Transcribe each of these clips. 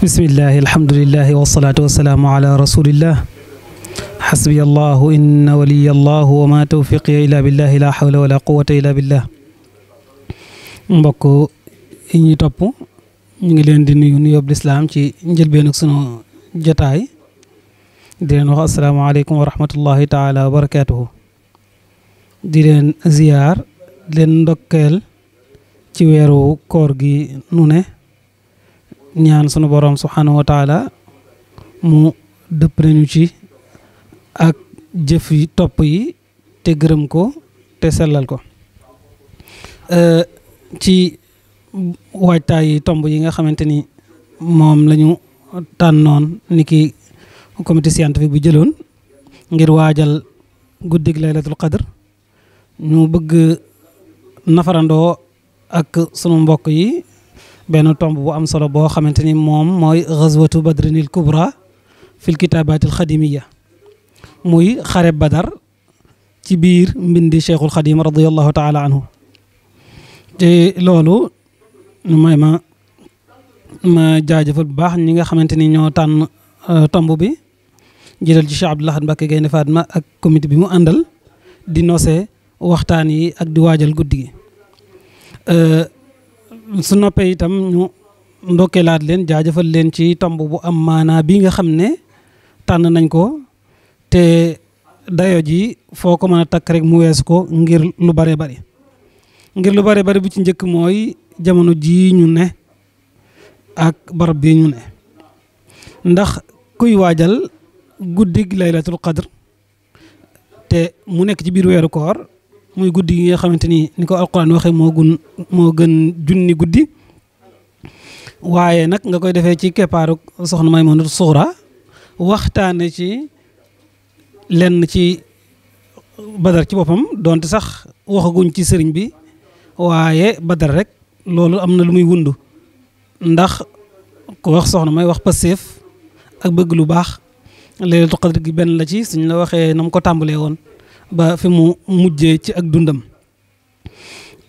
bismillahi alhamdulilahi wasalaatu wasalaamu ala rasulillah xasbiya allahu inna waliya allahu wa ma tawfiqiya illa billahi la hawla wala quwata illa billah mbokk yi ñuy topp ñu ngi leen di nuyu nuyoob lislaam ci njëlbeen ak sunu jotaay di leen wax asalaamaaleykum wa rahmatullahi taala wa barakaatuhu di leen ziyaar leen ndokkeel ci weeru koor gi nu ne ñaan sunu boroom subhanahu wa mu dëpp nañu ci ak jëf yi topp yi te gërëm ko te sellal ko ci waajtaay tomb yi nga xamante ni moom la ñu tànnoon ni ki comité scientifique bi jëloon ngir waajal guddig laylatul qadr ñu bëgg nafarandoo ak sunu mbokk yi benn tomb bu am solo boo xamante ni moom mooy ghazwatu badrinil kubra fil kitaabatil xadimiya muy xare badar ci biir mbindi cheikhul xadim radiallahu taala anhu te loolu ñu may ma ma jaajëfal bu baax ñi nga xamante ni ñoo tànn euh, tomb bi jëlal ci Cheikh Abdou Lahad Mbacké Gaïndé Fatma ak comité bi mu àndal di nosee waxtaan yi ak di waajal guddi gi euh, su noppee itam ñu ndokkeelaat leen jaajëfal leen ci tomb bu am maanaa bi nga xam ne tànn nañ ko te dayo ji foo kom mën a takk rek mu weesu ko ngir lu bare bari bare bu ci njëkk mooy jamono jii ñu ne ak barab bi ñu ne ndax kuy waajal guddig laylatul kadr te mu nekk ci biir weeru koor muy guddi yi nga xamante ni ni ko alquran waxee moo gun moo gën junni guddi waaye nag nga koy defee ci keppaaru soxna Maymunatu Suxra waxtaane ci lenn ci badar ci boppam donte sax waxaguñ ci sëriñ bi waaye badar rek loolu am na lu muy wundu ndax ku wax soxna may wax pasteef ak bëgg lu baax Laylatul Qadr gi benn la ci suñ la waxee nam ko tàmbalee woon ba fi mu mujjee ci ak dundam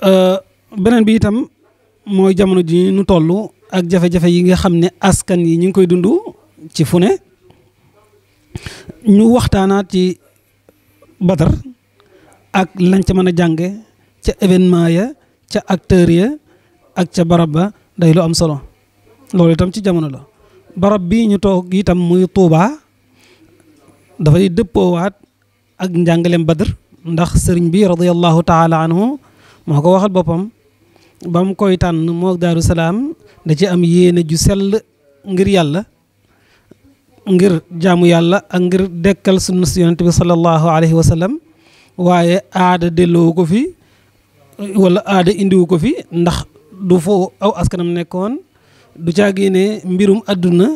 euh, beneen bi itam mooy jamono ji nu toll ak jafe-jafe yi nga xam ne askan yi ñu ngi koy dundu ci fu ne ñu waxtaanaat ci Badar ak lañ ca mën a jànge ca événement ya ca acteur ya ak ca barab ba day lu am solo loolu itam ci jamono la barab bi ñu toog itam muy Touba dafay dëppoowaat ak njàngaleem Badr ndax sëriñ bi radiyallahu taala anhu moo ko waxal boppam ba koy tànn moo Daaru Salaam da ci am yéene ju sell ngir yàlla ngir jaamu yàlla ak ngir dekkal sunna si yonent bi sallallahu alayhi wa waaye aada delloo ko fi wala aada indiwu ko fi ndax du foo aw askanam nekkoon du caagii ne mbirum àdduna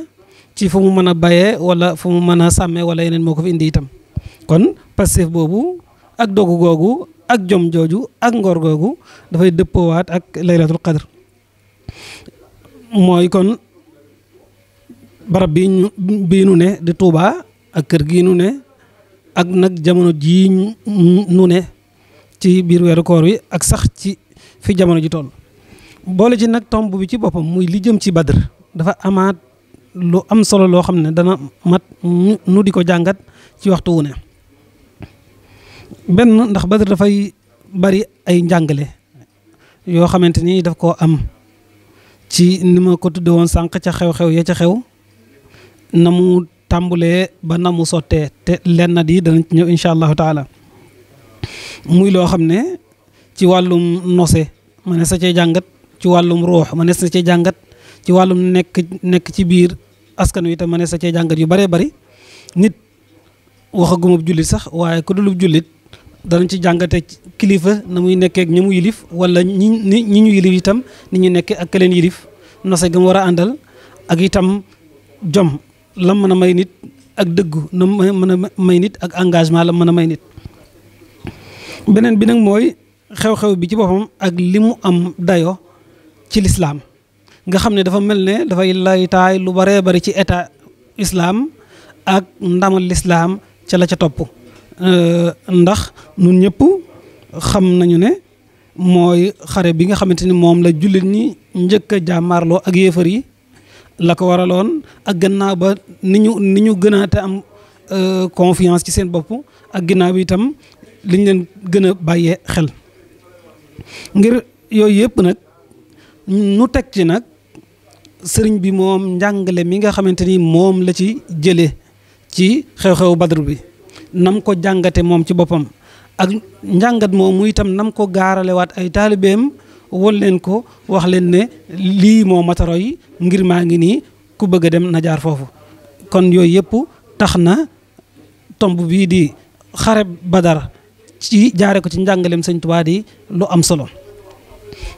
ci fu mu mën a bayee wala fu mu mën a sàmmee wala yeneen moo ko fi indi itam kon passif boobu ak dogu googu ak jom jooju ak ngor googu dafay dëppoowaat ak laylatul qadr mooy kon barab bi ñu ne di Touba ak kër gi nu ne ak nag jamono jii nu ne ci biir weeru koor wi ak sax ci fi jamono ji tool boole ci nag tomb bi ci boppam muy li jëm ci badr dafa amaat lu am solo loo xam ne dana mat nu di ko jàngat ci waxtu wu ne benn ndax badr dafay bari ay njàngale yoo xamante ni daf koo am ci ni ma ko woon sànq ca xew-xew ya ca xew na mu tàmbulee ba na mu sottee te lenn na di danañ ñëw incha allahu taala muy loo xam ne ci wàllum nose ma ne sa cee jàngat ci wàllum ruux mënees na cee jàngat ci wàllum nekk ci biir askan wi itam mënees na cee jàngat yu bëree bëri nit waxagumab jullit sax waaye ku dulub jullit danañ ci jàngate kilifa na muy nekkee ak ñi yilif wala ñi ñi ñu yilif itam ni ñu nekkee ak keleen yilif nose ga mu war a àndal ak itam jom la mën a may nit ak dëggu na mën a may nit ak engagement la mën a may nit beneen bi nag mooy xew-xew bi ci boppam ak li mu am dayo ci lislaam nga xam ne dafa mel ne dafay laytaay lu baree bari ci état islaam ak ndamal lislaam ca la ca topp euh, ndax nun ñëpp xam nañu ne mooy xare bi nga xamante ni moom la jullit ñi njëkk a jàmmaarloo ak yéefar yi la ko waraloon ak gannaaw ba ni ñu ni ñu gën a te am euh, confiance ci seen bopp ak ginnaaw bi itam liñ leen gën a bàyyee xel ngir yooyu yëpp nag nu teg ci nag sëriñ bi moom njàngale mi nga xamante ni moom la ci jëlee ci xew-xew badru bi nam ko jàngate moom ci boppam ak njàngat moom mu itam nam ko gaaralewaat ay taalibeem won leen ko wax leen ne lii moo mataro yi ngir maa ngi nii ku bëgg a dem na jaar foofu kon yooyu yëpp tax na tomb bii di xare badar ci jaare ko ci njàngaleem sëñ Tuubaa di lu am solo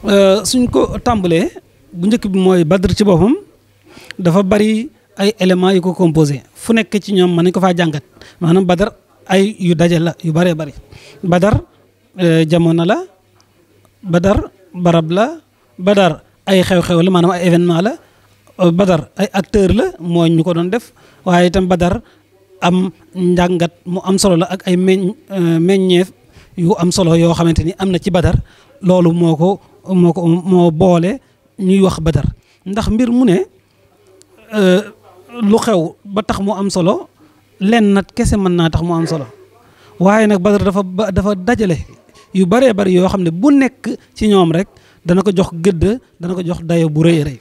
Euh, suñ ko tàmbalee bu njëkk bi mooy Badr ci boppam dafa bari ay éléments yu ko composé fu nekk ci ñoom mën nañ ko fa jàngat maanaam Badr ay yu daje la yu bëree bëri Badr euh, jamono la Badr barab la badar ay xew-xew la maanaam ay événement la euh, Badr ay acteur la mooy ñu ko doon def waaye itam Badr am njàngat mu am solo la ak ay meñ meññeef yu am solo yoo xamante ni am na ci Badr loolu moo ko moo ko moo boole ñuy wax badar ndax mbir mu ne euh, lu xew ba tax mu am solo lenn nag kese mën naa tax mu am solo waaye nag badar dafa dajale yu baree bëri yoo xam ne bu nekk ci ñoom rek dana ko jox gëdd dana ko jox dayo bu rëy rëy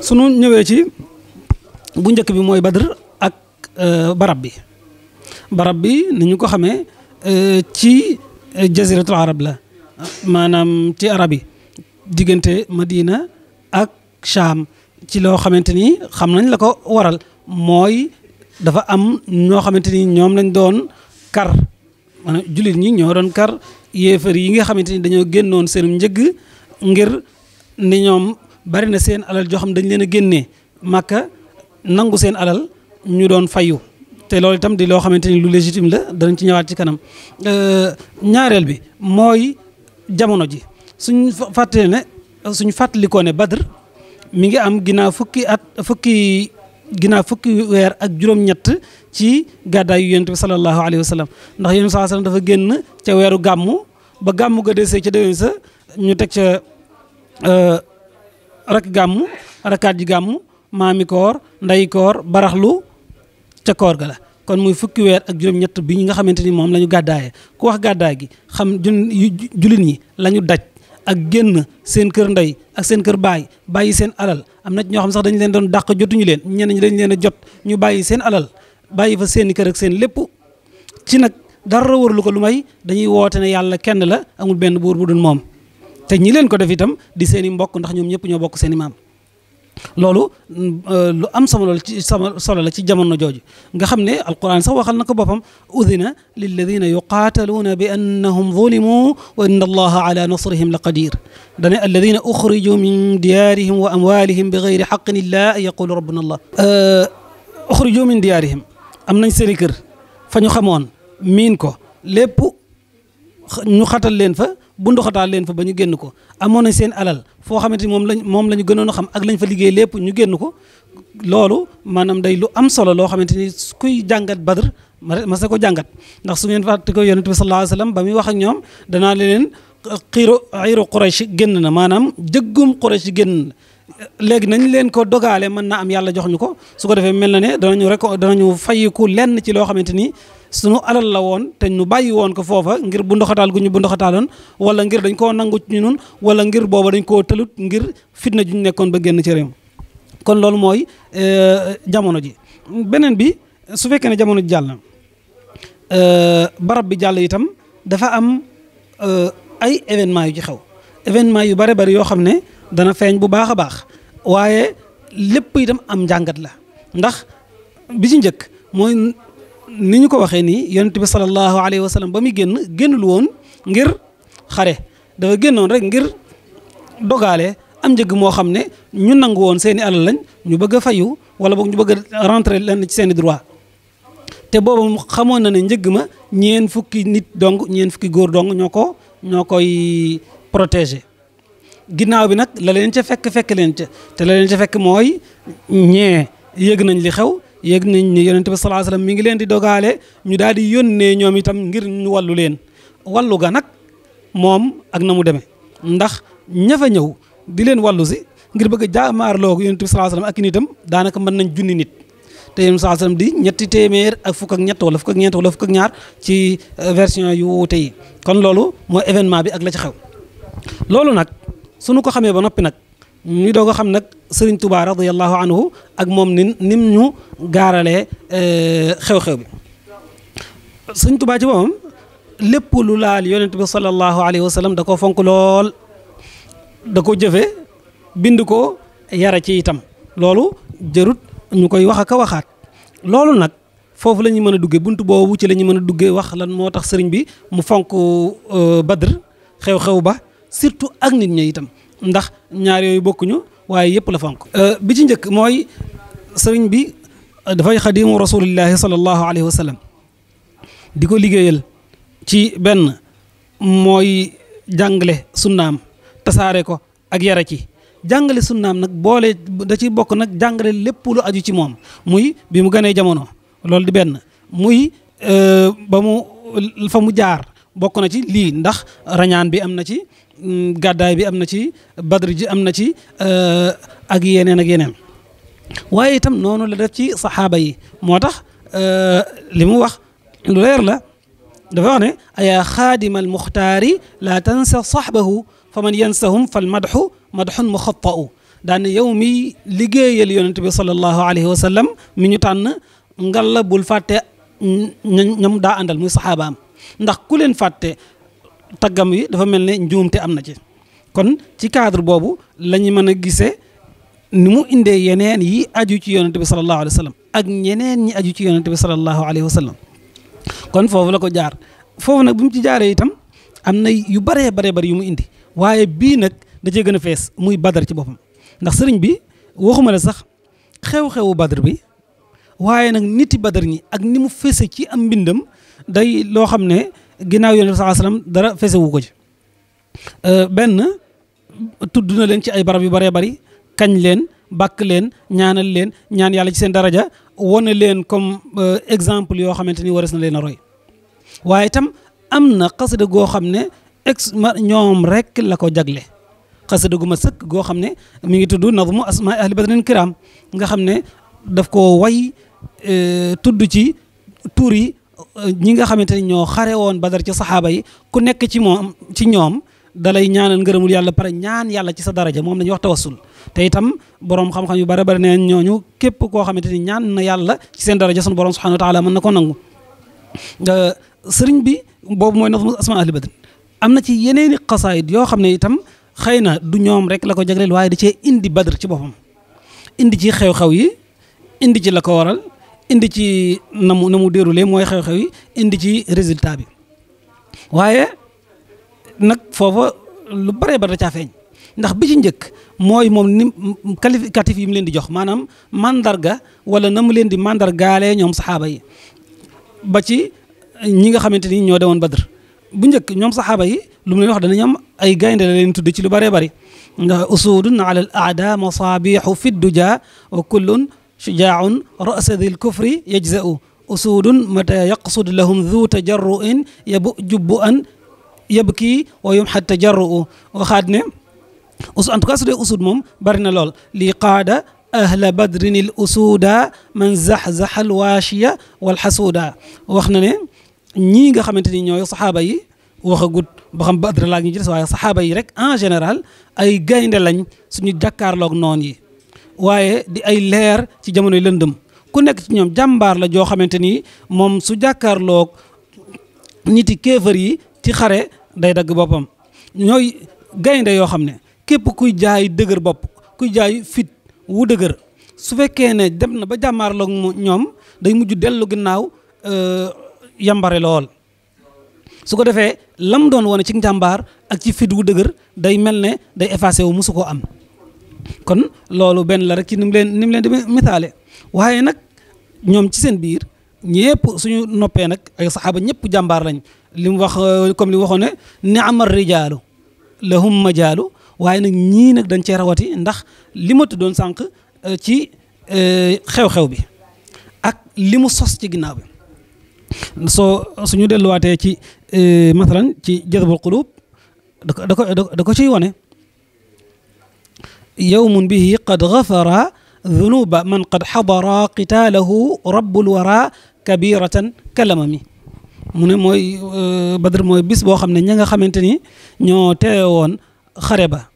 sunu ñëwee ci bu njëkk bi mooy badar ak euh, barab bi barab bi ni ñu ko xamee Euh, ci euh, jaziratul arab la maanaam ci arab yi diggante Madina ak Cham ci loo xamante ni xam nañ la ko waral mooy dafa am ñoo xamante ni ñoom lañ doon kar maanaam jullit ñi ñoo doon kar yéefar yi nga xamante ni dañoo génnoon seen njëgg ngir ni ñoom bari na seen alal joo xam dañ leen a génnee màkka nangu seen alal ñu doon fayu te loolu itam di loo xamante ni lu légitime la danañ ci ñëwaat ci kanam euh, ñaareel bi mooy jamono ji suñ fàttali ne suñ fàttalikoo ne Badr mu ngi am ginaa fukki at fukki ginnaaw fukki weer ak juróom-ñett ci gàddaay yu yonent bi sallallahu alayhi wa ndax yonent bi sallallahu alayhi dafa génn ca weeru gàmmu ba gàmmu ga desee ca déwén sa ñu teg ca euh, rak gàmmu rakaat ji gàmmu maami koor baraxlu ca koor ga la kon muy fukki weer ak juróom-ñett bi ñi nga xamante ni moom la ñu gàddaaye ku wax gàddaay gi xam jun jullit ñi la ñu daj ak génn seen kër ndey ak seen kër baay bàyyi seen alal am na ñoo xam sax dañu leen doon dàq jotuñu leen ñenn ñi dañu leen a jot ñu bàyyi seen alal bàyyi fa seeni kër ak seen lépp ci nag dara lu ko lu may dañuy woote ne yàlla kenn la amul benn buur bu dul moom te ñi leen ko def itam di seen i mbokk ndax ñoom ñëpp ñoo bokk seen i maam loolu mm, euh, lu am sama loolu ci sama solo la ci jamono jooju nga xam ne alquran sax waxal na ko boppam udina lilladina yuqaataluuna bi annahum zulimu wa inna allaha ala nasrihim la qadir dane alladina uxriju min diyaarihim wa amwalihim allah uxriju min diyaarihim am nañ seeni kër fa ñu xamoon miin ko lépp ñu xatal leen fa bu ndoxataal leen fa ba ñu génn ko amoon nañ seen alal foo xamante ni moom lañ moom la ñu gënoon a xam ak lañ fa liggéey lépp ñu génn ko loolu maanaam day lu am solo loo xamante ni kuy jàngat badr ma sa ko jàngat ndax su ngeen fàtte ko yonent bi sallallahu alayhi wasallam ba muy wax ak ñoom danaa leen xiiro xiiro Quraysh génn na maanaam jëggum Quraysh génn na léegi nañ leen ko dogaale mën na am yàlla jox ñu ko su ko defee mel na ne danañu rek danañu fayiku lenn ci loo xamante ni sunu alal la woon te ñu bàyyi woon ko foofa ngir bu ndoxataal gu ñu bu ndoxataaloon wala ngir dañ koo nangu ci ñun wala ngir booba dañ koo tëlut ngir fitna ju ñu nekkoon ba génn ci réew kon loolu mooy euh, jamono ji beneen bi su fekkee ne jamono ji jàll na euh, barab bi jàll itam dafa am euh, ay événement yu ji xew événement yu bar bari yoo xam ne dana feeñ bu baax a baax waaye lépp itam am njàngat la ndax bi ci njëkk mooy ni ñu ko waxee nii yonent bi sallallahu alayhi wa sallam ba muy génn génnul woon ngir xare dafa génnoon rek ngir dogaale am njëg moo xam ne ñu nangu woon seeni alal lañ ñu bëgg a fayu wala boog ñu bëgg a rentrer leen ci seeni droit te booba mu xamoon na ne njëg ma ñeen fukki nit dong ñeen fukki góor dong ñoo ko ñoo koy protéger ginnaaw bi nag la leen ca fekk fekk leen ca te la leen ca fekk mooy ñee yëg nañ li xew yëg nañ ne yonent bi sallallahu alayhi mi ngi leen di dogaale ñu daal di yónnee ñoom itam ngir ñu wàllu leen wallu ga nag moom ak na mu demee ndax ña fa ñëw di leen wàllu si ngir bëgg a jaamaarloo ko yonent bi sallallahu alayhi wasallam daanaka mën nañ junni nit te yonent bi sallallahu alayhi di ñetti téeméer ak fukk ak ñett wala fukk ak ñeent wala fukk ak ñaar ci euh, version yu tey kon loolu mooy événement bi ak la ci xew loolu nag suñu ko xamee ba noppi nag ñu doog a xam nag sëriñ Touba radiyallahu anhu ak moom nin nim ñu gaaralee eh, xew-xew bi sëriñ Touba ci moom lépp lu laal yonent bi sallallahu alayhi wa da koo fonk lool da ko jëfe bind ko yara ci itam loolu jërut ñu koy wax ak a waxaat loolu nag foofu la ñuy mën a duggee bunt boobu ci la ñuy mën a duggee wax lan moo tax sëriñ bi mu fonk eh, Badr xew-xew ba surtout ak nit ñi itam ndax ñaar yooyu bokkuñu waaye yëpp la fonk euh, bi ci njëkk mooy sëriñ bi euh, dafay xadimu rasulillahi sallallahu alayhi wa sallam di ko liggéeyal ci benn mooy jàngale sunnaam tasaare ko ak yara ci jàngale sunnaam nag boole da ci bokk nag jàngale lépp lu aju ci moom muy bi mu gënee jamono loolu di benn muy euh, ba mu fa mu jaar bokk na ci lii ndax rañaan bi am na ci mm, gàddaay bi am na ci badr ji am na ci euh, ak yeneen ak yeneen waaye itam noonu la def ci saxaaba yi moo tax euh, li mu wax lu leer la dafa wax ne ayaa xaadima almuxtaari laa tansa saxbahu fa man yansahum fal madxu madxun muxata'u daane yow mi liggéeyal yonent bi sallallahu alayhi wa mi ñu tànn ngalla bul fàtte mm, ñam daa àndal muy saxaabaam ndax ku leen fàtte taggam yi dafa mel ne njuumte am na ci kon ci cadre boobu lañuy ñu mën a gise ni mu indee yeneen yi aju ci yonente bi sallallahu alayhi wa ak ñeneen ñi aju ci yonente bi sallallahu alayhi wa kon foofu la ko jaar foofu nag bu ci jaaree itam am na yu baree bare bari yu mu indi waaye bii nag da cee gën a fees muy badar ci boppam ndax sëriñ bi waxuma la sax xew-xewu badar bi waaye nag niti badar ñi ak ni mu fese ci am mbindam day loo xam ne ginnaaw yonent bi dara fese wu ko ci euh, benn tudd na leen ci ay barab yu baree bari kañ leen bàkk leen ñaanal leen ñaan yàlla ci seen daraja wane leen comme euh, exemple yoo xamante ni wares na leen a roy waaye itam am na xasida goo xam ne ex ma ñoom rek la ko jagle xasida gu ma sëkk goo xam ne mu ngi tudd na nazmu asmaa ahli badrin kiram nga xam ne daf ko way Euh, tudd ci tur yi euh, ñi nga xamante ni ñoo xare woon badar ci saxaaba yi ku nekk ci moom ci ñoom dalay ñaanal ngërëmul yàlla pare ñaan yàlla ci sa daraja moom la ñuy wax tawassul te itam borom xam-xam yu bare bare neen ñooñu képp koo xamante ni ñaan na yàlla ci seen daraja sunu borom subhanahu wa taala mën na ko nangu sëriñ bi boobu mooy nafmu asma ahli badr am na ci yeneeni xasaayid yoo xam ne itam xëy na du ñoom rek la ko jagleel waaye da cee indi badr ci boppam indi ci xew-xew yi indi ci la ko waral indi ci na mu na mu déroulé mooy xew-xew yi indi ci résultat bi waaye nag foofa lu bare ba da caa feeñ ndax bi ci njëkk mooy moom ni qualificatif yi mu leen di jox maanaam mandarga wala na mu leen di mandargaalee ñoom saxaaba yi ba ci ñi nga xamante ni ñoo demoon Badr bu njëkk ñoom saxaaba yi lu mu leen wax danañ am ay gaynde leen tudd ci lu bëree bari ndax usuudun ala al aada masaabihu wa kullun shujaaun rasa dil kufri yajzau usudun mata yaqsud lahum dhu tajarruin yabu jubbu an wa yumhat tajarru waxaat ne en tout cas usud moom bari na lool lii qaada ahla badrin il usuuda man zaxzaxa alwaashiya walxasuuda wax na ne ñii nga xamante ni ñooy saxaaba yi waxagut ba xam badr laa ngi ci yi rek en général ay gaynde lañ suñu jàkkaarloog noon yi waaye di ay leer ci jamonoy lëndëm ku nekk ci ñoom jàmbaar la joo xamante ni moom su jàkkaarloog niti kéefër yi ci xare day dagg boppam ñooy gaynde yoo xam ne képp kuy jaay dëgër bopp kuy jaay fit wu dëgër su fekkee ne dem na ba jàmmaarloog ñoom day mujj dellu ginnaaw euh, yambare lool su ko defee lam doon wone ci jàmbaar ak ci fit wu dëgër day mel ne day effacé wu musu koo am kon loolu benn la rek ci ni mu leen ni mu leen di misaale waaye nag ñoom ci seen biir ñëpp suñu noppee nag ay saxaaba ñëpp jàmbaar lañ li mu wax comme li waxoon ne ni amar rijaalu lahum majaalu waaye nag ñii nag dañ cee rawati ndax li ma tuddoon sànq euh, ci euh, xew-xew bi ak li mu sos ci ginnaaw bi soo suñu delluwaatee ci euh, masalan ci jazbul qulub da ko da ko da ko ciy wane يوم به قد غفر ذنوب من قد حضر قتاله رب الورى كبيرة كالأمم mu ne mooy euh, Badr mooy bis boo xam ne ña nga xamante ni ñoo teewoon xare ba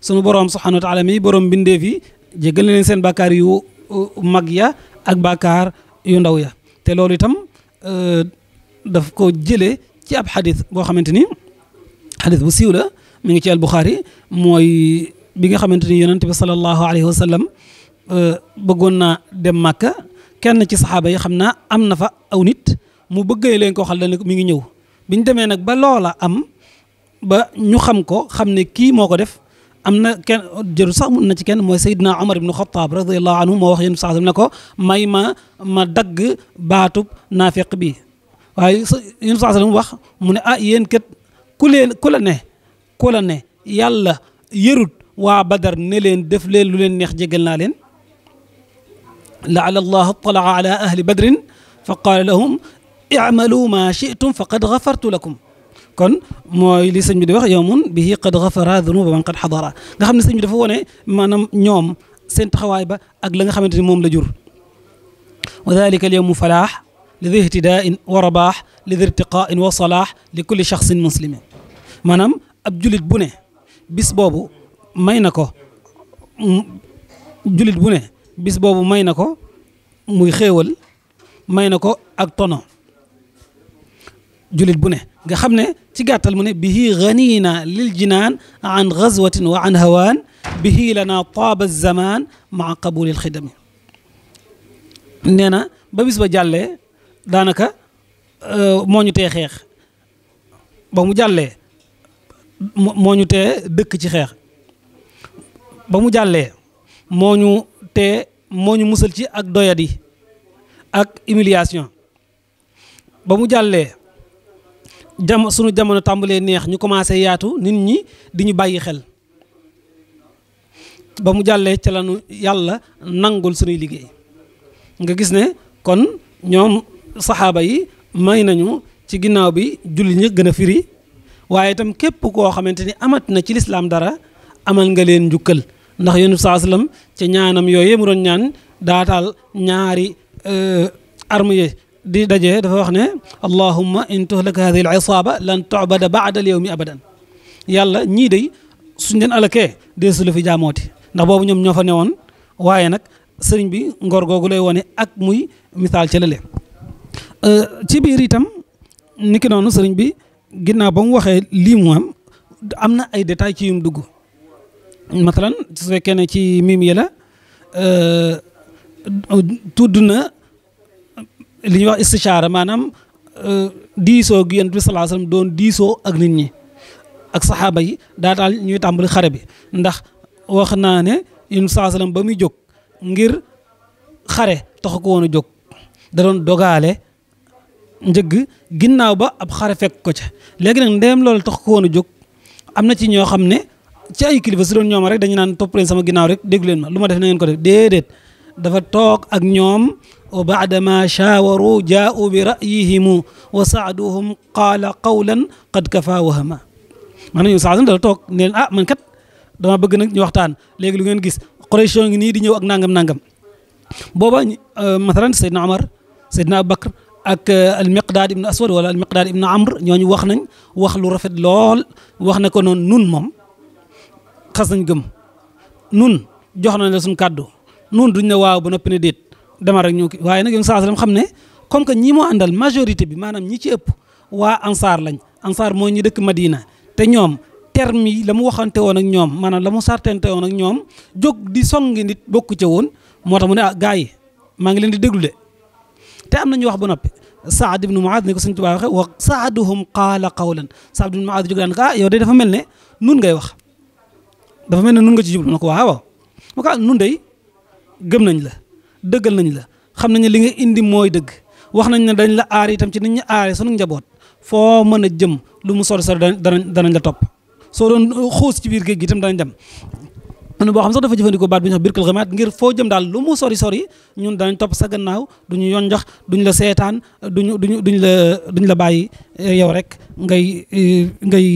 sunu borom subhaanahu wa mi boroom bindeef yi jéggal na leen seen bàkkaar yu euh, mag ya ak bakar yu ndaw ya te loolu itam euh, daf ko jëlee ci ab xadis boo xamante ni xadis bu siiw la ci al Buxaari mooy bi nga xamante ni yonent bi sallallahu alayhi wa sallam euh, bëggoon dem màkka kenn ci saxaaba yi xam naa am na fa aw nit mu bëggee leen ko xal ne mi ngi ñëw biñ demee nag ba loola am ba ñu xam ko xam ne kii moo ko def am na kenn jëru sax mun na ci kenn mooy Seydina Omar ibnu Xataab radiallahu anhu moo wax yéen sax ne ko may ma ma dagg baatub naafeq bi waaye yéen sax wax mu ne ah yéen ku leen ku yàlla yërut waa badar ne leen def leen lu leen neex jégal naa leen laala allah talaa ala ahli badrin fa qaala lahum imalu maa shitum fa qad gafartu lakum kon mooy li sëñ bi di wax yowmun bihi qad gafara dunuba man qad xadara nga xam ne sëñ bi dafa wone maanaam ñoom seen taxawaay ba ak la nga xamante ni moom la jur wa dalika alyowmu falaax li di ihtidaain wa rabaax li di irtiqaain wa salaax li kulli shaxsin muslimin maanaam ab julit bu ne bis boobu may na ko julit bu ne bis boobu may na ko muy xéewal may na ko ak tono julit bu ne nga xam ne ci gàttal mu ne bihi ganina lil jinaan an gazwatin wa an hawaan bihi lana taaba zaman maa qabulil xidami nee na ba bis ba jàllee daanaka euh, moo ñu xeex ba mu jàllee moo ñu dëkk ci xeex ba mu jàllee moo ñu te moo ñu musal ci ak doyadi ak humiliation ba mu jàllee jam sunu jamono tàmbalee neex ñu commencé yaatu nit ñi di ñu bàyyi xel ba mu jàllee ca lanu yàlla nangul sunuy liggéey nga gis ne kon ñoom saxaaba yi may nañu ci ginnaaw bi julli ñi gën firi waaye itam képp koo xamante ni amat na ci lislaam dara amal nga leen njukkal ndax yonent bi saa sallam ñaanam yooyu mu doon ñaan daatal ñaari euh, arme yi di daje dafa wax ne allahumma in tuhlak hadihi al isaba lan tubada baada al yawmi abadan yàlla ñii day suñ leen alakee deesu la fi jaamooti ndax boobu ñoom ñoo fa newoon waaye nag sëriñ bi ngor googu lay wone ak muy misaal ci lële euh, ci biir itam niki noonu sëriñ bi ginnaaw ba mu waxee lii mu am na ay détails ci yum dugg matalan su fekkee ne ci mim yi la euh, tudd na li ñuy wax char maanaam euh, diisoo gi yonent bi salaa sallam doon diisoo ak nit ñi ak saxaaba yi daatal ñuy tàmbali xare bi ndax wax naa ne yonent bi salaa sallam ba muy jóg ngir xare taxu ko woon a jóg da doon dogaale njëgg ginnaaw ba ab xare fekk ko ca léegi nag ndeem loolu tox ko woon a jóg am na ci ñoo xam ne ci ay kilifa su doon ñoom rek dañu naan topp leen sama ginnaaw rek déglu leen ma lu ma def na ngeen ko def déedéet dafa toog ak ñoom wa baadama shaawaru jaau bi rayihimu wa saaduhum qaala qawlan qad kafa wahama maanaam ñu sax dafa toog ne leen ah man kat dama bëgg nag ñu waxtaan léegi lu ngeen gis Quraysh ngi nii di ñëw ak nangam nangam booba euh, mathalan Seydina Omar Seydina Abubakar ak euh, almiqdaad ibnu aswad wala almiqdaad ibnu amr ñu wax nañ wax lu rafet lool wax xas nañ gëm nun jox nañ la suñ kàddu nun duñ ne waaw ba noppi ne déet demal rek ñoo ki waaye nag yoon saa sallam xam ne comme que ñi moo àndal majorité bi maanaam ñi ci ëpp waa ansaar lañ ansaar mooy ñi dëkk Madina te ñoom terme yi la mu waxante woon ak ñoom maanaam la mu sartante woon ak ñoom jóg di songi nit bokku ca woon moo tax mu a ah gars yi maa leen di déglu de te am nañu wax ba noppi Saad ibnu Muaad ni ko Sëñ Tuubaa waxee wa saaduhum qaala qawlan Saad ibnu Muaad jóg daan ko ah de dafa mel ne nun dafa mel ne nun nga ci jublu na ko waaw waaw mu ko ah, nun day gëm nañ la dëggal nañ la xam nañ li nga indi mooy dëgg wax nañ ne dañ la aar itam ci nit ñi aare sunu njaboot foo mën a jëm lu mu sori sori danañ danañ la topp soo doon xuus ci biir géej gi itam danañ dem ñun boo xam sax dafa jëfandikoo baat bi ñu wax birkul xamaat ngir foo jëm daal lu mu sori sori ñun danañ topp sa gannaaw duñu yoon jox duñ la seetaan duñu duñu duñ la duñ la bàyyi eh, yow rek ngay eh, ngay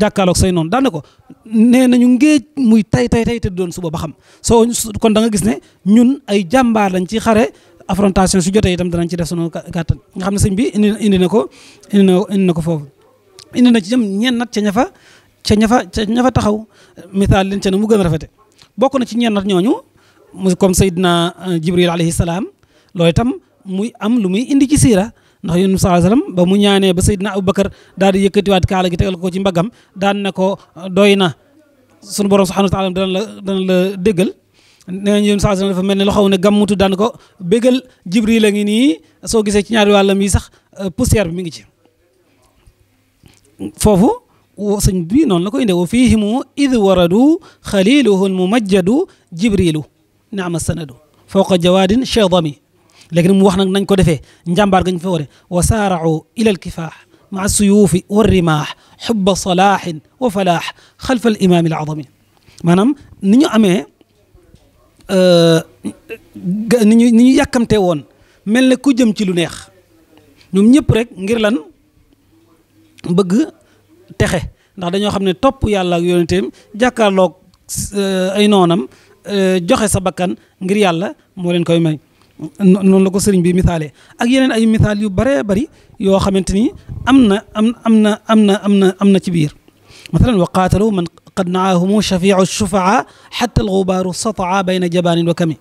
jàkkaarloog say noonu daan na ko nee nañu ngéej muy tay tay tay te doon suba ba xam soo kon da nga gis ne ñun ay jàmbaar lañ ci xare affrontation su jotee itam danañ ci def sunu kàttan nga xam ne sëñ bi indi indi na ko indi na ko foofu indi na ci jëm ñeen nat ca ñafa ca ñafa ñafa taxaw misaal leen ca ne mu gën rafete bokk na ci ñeen nat ñooñu mu comme Seydina euh, Jibril alayhi salaam loolu itam muy am lu muy indi ci siira ndax yonent bi sallallahu alayhi wasallam ba mu ñaanee ba Seydina Aboubacar daal di yëkkatiwaat kaala gi tegal ko ci mbaggam daan na ko doy na sunu borom subhanahu wa taala dana la dana la déggal nee nañ yonent dafa mel ne loxo ne gammutu daan ko bégal Jibril a ngi nii soo gisee ci ñaari wàllam yi sax euh, poussière bi mi ngi ci foofu sëñ bi noonu la ko indee wa fiihimu id waradu xaliluhu lmumajjadu jibrilu naama sanadu fawqa jawaadin cheydami léegi nag mu wax nag nañ ko defee njàmbaar gañ fa ware wa ila alkifaax maa suyuufi wa rimaax xubba salaaxin wa falaax xalfa alimaami alazami maanaam ni ñu amee euh, ni ñu ni ñu yàkkamte woon mel ne ku jëm ci lu neex ñoom ñëpp rek ngir lan bëgg texe ndax dañoo xam ne topp yàlla ak yonenteem jàkkaarloog euh, ay noonam euh, joxe sa bakkan ngir yàlla moo leen koy may noonu la ko sëriñ bi misaalee ak yeneen ay misaal yu bëree bëri yoo xamante ni am na am am na am na am na am na ci biir masalan wa qaatalu man qad naahumu shafiu shufaa xatta alxubaaru sataa bayna jabaanin wa kami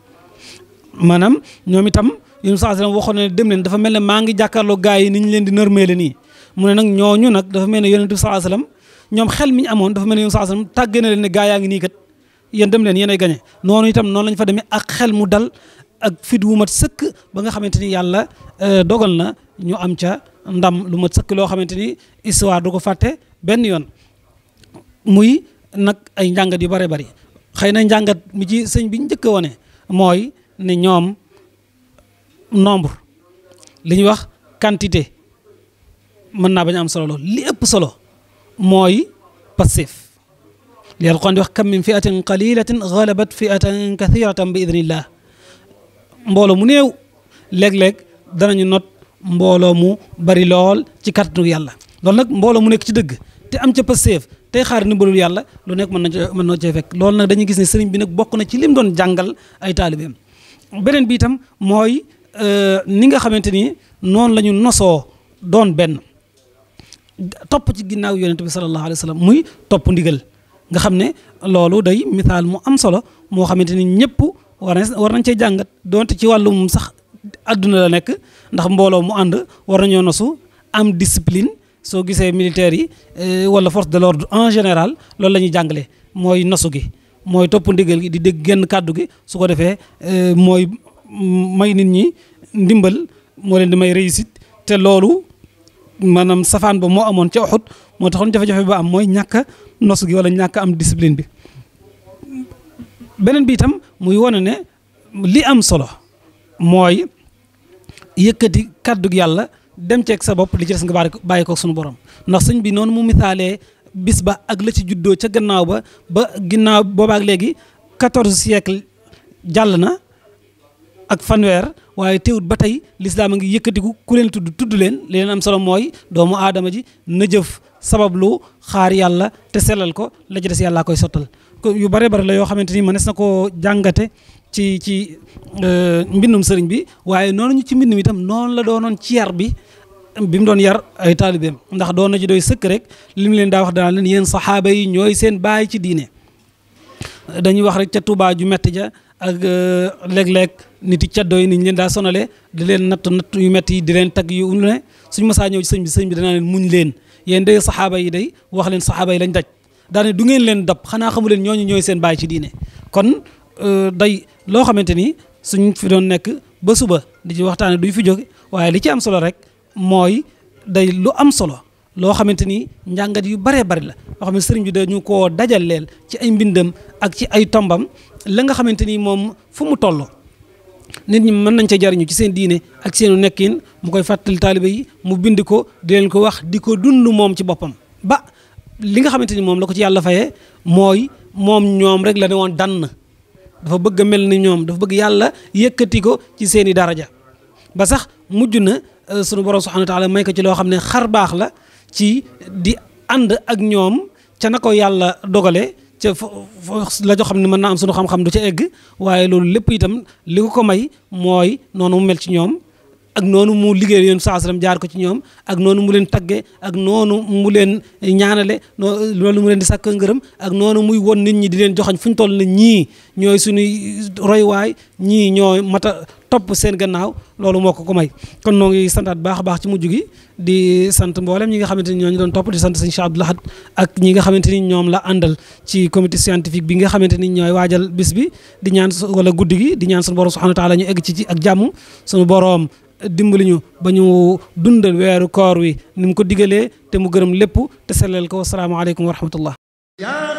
maanaam ñoom itam yéen saa sallam waxoon ne dem leen dafa mel ne maa ngi jàkkaarloo gars yi ni ñu leen di nërmeele nii mu ne nag ñooñu nag dafa mel ne yeneen di saa sallam ñoom xel mi amoon dafa mel ne yonent saa sallam na leen ne gaa yaa ngi nii kat yéen dem leen yéen ay gañe noonu itam noonu lañ fa demee ak xel mu dal ak fit wu mat sëkk ba nga xamante ni yàlla euh, dogal na ñu am ca ndam lu mat sëkk loo xamante ni histoire du ko fàtte benn yoon muy nag ay njàngat yu bare bari xëy na njàngat mi ci sëñ bi njëkk wane mooy ne ñoom nombre li ñuy wax quantité mën naa bañ am solo lool li ëpp solo mooy passif li Alxuraan di wax kam min fiatin qalilatin galabat fiatan kathiratan bi idnillah mbooloo mu néew léeg-léeg danañu not mbooloo mu bari lool ci kàttanu yàlla loolu nag mbooloo mu nekk ci dëgg te am ca pasteef tey xaar ndimbalul yàlla lu nekk mën na mën noo cee fekk lool nag dañuy gis ne sëriñ bi nag bokk na ci lim doon jàngal ay taalibeem beneen bi itam mooy euh, ni nga xamante ni noonu lañu ñu nosoo doon benn topp ci ginnaaw yonente bi sallallahu alayhi wa muy topp ndigal nga xam ne loolu day misaal mu am solo moo xamante ni ñëpp war nañ war nañ cee jàngat donte ci wàllum sax adduna la nekk ndax mbooloo mu ànd war nañoo nosu am discipline soo gisee militaire yi euh, wala force de l'ordre en général loolu la ñuy jàngale mooy nosu gi mooy topp ndigal gi di dégg genn kàddu gi su ko defee euh, mooy may nit ñi ndimbal moo leen di may réussite te loolu maanaam safaan ba moo amoon ca Uhud moo taxoon jafe-jafe ba am mooy ñàkk a nos gi wala ñàkk am discipline bi beneen bi itam muy wane ne li am solo mooy yëkkati kàddug yàlla dem ceeg sa bopp li ci des nga bàyyi ko sunu borom ndax sëñ bi noonu mu misaalee bis ba ak la ci juddoo ca gannaaw ba ba ginnaaw boobaak léegi quatorze siècle jàll na ak fanweer waaye teewut ba tey lislaam a ngi yëkkatiku ku leen tudd tudd leen li leen am solo mooy doomu aadama ji na jëf sabablu xaar yàlla te sellal ko la ci des yàllaa koy sottal ko yu bare bare la yoo xamante ni mënees na ko jàngate ci ci euh, mbindum sëriñ bi waaye noonu ñu ci mbind mi itam noon la doonoon ci yar bi bi mu doon yar ay taalibeem ndax doon na ci doy sëkk rek li mu leen daa wax danaa saxaaba yi ñooy seen baay ci diine dañuy wax rek ca Tuubaa ju metti ja ak euh, léeg-léeg nit yi caddoo yi leen daa sonale di leen natt natt yu metti yi di leen tag yu lu ne suñ masaa ñëw sëñ bi sëñ bi danaa leen muñ leen yéen day saxaaba yi day wax leen saxaaba yi lañ daj daane du ngeen leen dab xanaa xamu leen ñooñu ñooy seen baay ci diine kon euh, day loo xamante ni suñ fi doon nekk ba suba di ci waxtaane duñ fi jóge waaye li ci am solo rek mooy day lu am solo loo xamante ni njàngat yu baree bari la loo xam ne sëriñ bi dañu koo dajal leel ci ay mbindam ak ci ay tombam la nga xamante ni moom fu mu toll nit ñi mën nañ ca jariñu ci seen diine ak seenu nekkin mu koy fàttali taalibe yi mu bind ko di leen ko wax di ko dund moom ci boppam li nga xamante ni moom la ko ci yàlla fayee mooy moom ñoom rek la ne woon dann dafa bëgg a mel ni ñoom dafa bëgg yàlla yëkkati ko ci seeni daraja ba sax mujj na euh, sunu borom subhanahu wa taala may ko ci loo xam ne xar baax la ci di ànd ak ñoom ca na ko yàlla dogale ca la joo xam ne mën naa am sunu xam-xam du ca egg waaye loolu lépp itam li ko ko may mooy noonu mu mel ci ñoom ak noonu mu liggéey yoon saa sallam jaar ko ci ñoom ak noonu mu leen tagge ak noonu mu leen ñaanale loolu mu leen di sàkk ngërëm ak noonu muy won nit ñi di leen joxañ fu ñu toll na ñii ñooy suñuy roywaay ñii ñooy mata topp seen gannaaw loolu moo ko ko may kon noo ngi santaat baax a baax ci mujj gi di sant mboolem ñi nga xamante ni ñoo ñu doon topp di sant sëñ Cheikh Abdou Lahad ak ñi nga xamante ñoom la àndal ci comité scientifique bi nga xamante ni ñooy waajal bis bi di ñaan wala guddi gi di ñaan suñu borom subhanahu wa taala ñu egg ci ci ak jàmm suñu borom dimbali ñu ba ñu dundal weeru koor wi ni mu ko digalee te mu gërëm lépp te sellal ko wasalaamaaleykum wa rahmatullah